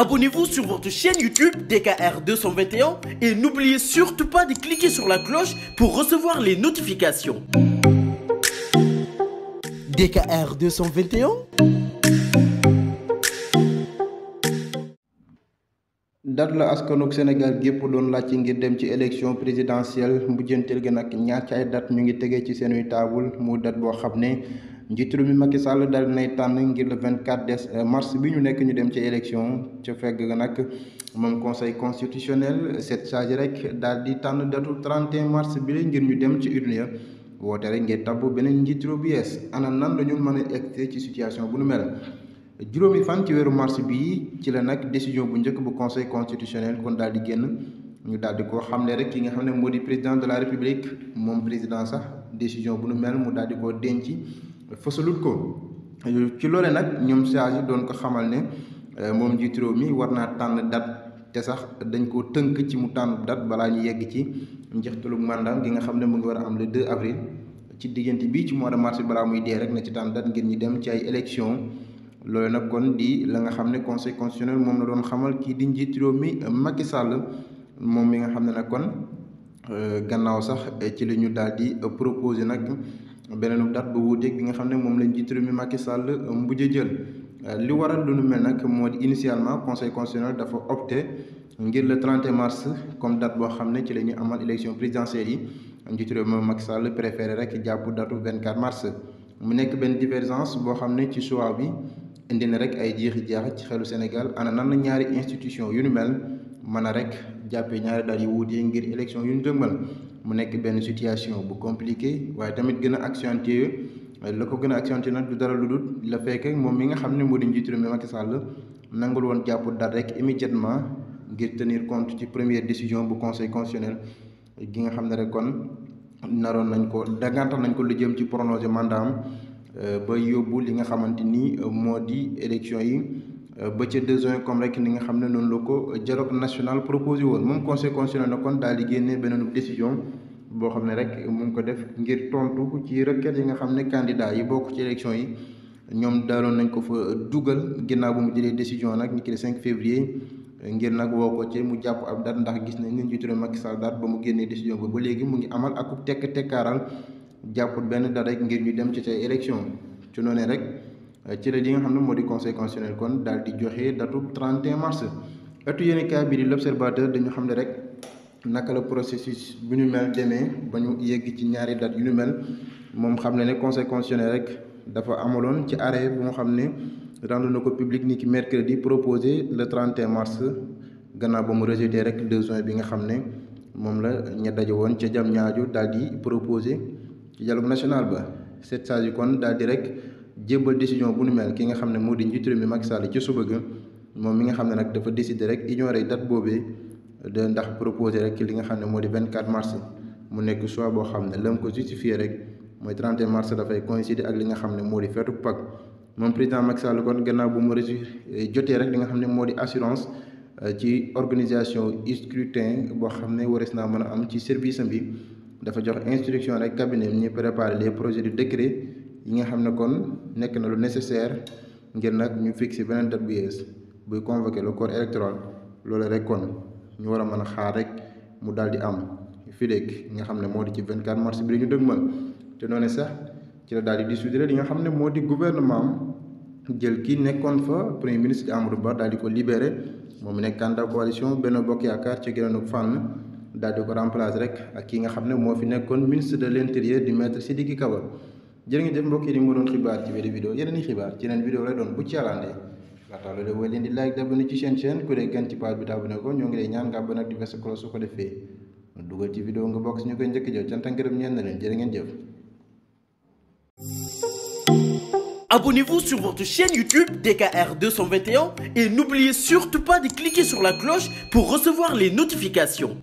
Abonnez-vous sur votre chaîne YouTube DKR 221 et n'oubliez surtout pas de cliquer sur la cloche pour recevoir les notifications. DKR 221. dat la askanug Sénégal gépp doon laaj ci ngir dem ci élection présidentielle mujjanteel gi nag ñaar ci ay dat ñu ngi tegee ci seeni taabul mu dat boo xam ne. njiitu réew mi Macky Sall daal di nay tànn ngir le 24 des euh, mars bi ñu nekk ñu dem ci élection ca feg fegg nag moom conseil constitutionnel cette charge rek daal di tànn datu 31 mars bi la ngir ñu dem ci urne woote rek ngir tabb beneen njiitu réew bu yees ana nan la ñu mën a egg ci situation bu nu mel. juróomi fan ci weeru mars bii ci la nag décision bu njëkk bu conseil constitutionnel kon daal di génn ñu daal di ko xam ne rek ki nga xam ne moo di président de la république moom président sax décision bu nu mel mu daal di ko denc. fësalul ko ci loole nag ñoom chargé doon ko xamal ne euh, moom njiitu réew mi war naa tànn dat te sax dañ koo tënk ci mu tànn dat balaa ñu yegg ci njeextalu mandat gi nga xam ne mu ngi war a am le 2 avril ci diggante bii ci mois de mars balaa muy dee rek na ci tànn date ngir ñu dem ci ay élection loolu nag kon di la nga xam ne conseil constitutionnel moom la doon xamal kii di njiitiroo mi euh, Macky sàll moom mi nga xam ne nag kon euh, gannaaw sax ci li ñu daal di proposé nag. beneen date ba wuuteeg bi nga xam ne moom lañ jiitu mi Macky Sall euh, mbujj jël euh, li waral lu nu mel nag moo di initialement conseil constitutionnel dafa opté ngir le 31 mars comme dat boo xam ne ci la ñuy amal élection présidentielle yi njiitu réew mi Macky Sall préféré rek jàpp datu 24 mars. mu nekk benn divergence boo xam ne ci choix bi indi na rek ay jeexi jaax ci xelu Sénégal ana nan ñaari institution yu nu mel. mën a rek jàppee ñaari daal yu wuute ngir élection yu ñu dëgmal mu nekk benn situation bu compliqué waaye tamit gën a accentué la ko gën a accentué nag du dara lu dul la fekk moom mi nga xam ne moo di njiitu réew mi Macky Sall nangul woon jàpp dal rek immédiatement ngir tenir compte ci première décision bu conseil constitutionnel gi nga xam ne rek kon naroon nañ ko dagantal nañ ko lu jëm ci prolonger mandat am euh, ba yóbbu li nga xamante ni euh, moo di élection yi. Euh, ba ca 2 juin comme rek ni nga xam ne noonu la ko dialogue national proposé woon moom conseil constitutionnel na kon daal di génne beneen décision boo xam ne rek mu ngi ko def ngir tontu ci requête yi nga xam ne kandidaa yi bokk ci élection yi ñoom daaloon nañ ko fa dugal ginnaaw bu mu jëlee décision nag ni ki le 5 février ngir nag woo ko ci mu jàpp ab date ndax gis nañ ne njiitu réew Macky Sall date ba mu génnee décision ba ba léegi mu ngi amal ak tekk tekkaaral jàppul benn date ngir ñu dem ci tey élection ci noonu rek. ci la li nga xam ne moo di conseil constitutionnel kon daal di joxe datu 31 mars ëttu yéenekaay bi di l'observateur dañu xam ne rek naka la processus bu ñu mel demee ba ñu yegg ci ñaari date yu ñu mel moom xam ne ne conseil constitutionnel rek dafa amaloon ci arrêt bu nga xam ne rendu na ko public ni ki mercredi proposé le 31 mars gannaaw ba mu rejeté rek 2 juin bi nga xam ne moom la ña daje woon ca jam ñaaju daal di proposé ci dialogue national ba sept yi kon daal di rek jébbal décision bu nu mel ki nga xam ne moo di njiitu réew mi Macky Sall ci suba ga moom mi nga xam ne nag dafa décider rek ignorer date boobee de ndax proposé rek li nga xam ne moo di 24 mars mu nekk choix boo xam ne la mu ko justifié rek mooy 31 mars dafay coïncider ak li nga xam ne moo di feetu Pâques moom président Macky Sall kon gannaaw bu mu reçu eh, jotee rek li nga xam ne moo di assurance eh, ci organisation scrutin boo xam ne waris naa mën a am ci service am bi dafa jox instruction rek cabinet ñi prépare les projets de décret yi nga xam ne kon nekk na lu nécessaire ngir nag ñu fixé beneen date bu yees buy convoqué lu corps électoral loolu rek kon ñu war a mën a xaar rek mu daal di am fileeg nga xam ne moo di ci vingt 24 mars bi la ñu dëgmal te noonu sax ci la daal di dissoudre li nga xam ne moo di gouvernement am jël kii nekkoon fa premier ministre di Amadou Ba daal di ko libéré moom mu nekk candidat coalition Benno Bokk Yaakaar ci gënoon fànn daal ko remplacer rek ak ki nga xa ne fi nekkoon ministre de l' intérieur di maître Sidiki Kaba. jërë ngeen jëf mbokk yi di moo doon xibaar ci beneen vidéo yeneen i xibaar ci yeneen vidéo lay doon bu ci yàllaandee leen di like d' abonné ci chaîne chaîne ku dee gan ci page bi te abonné ko ñoo ngi lay ñaan nga abonné ak di bés cloche su ko defee dugal ci vidéo nga bokk si ñu koy njëkk jëw cant ak ngërëm ñeen na leen jërë ngeen jëf Abonnez-vous sur votre chaîne YouTube DKR et n'oubliez surtout pas de cliquer sur la cloche pour recevoir les notifications.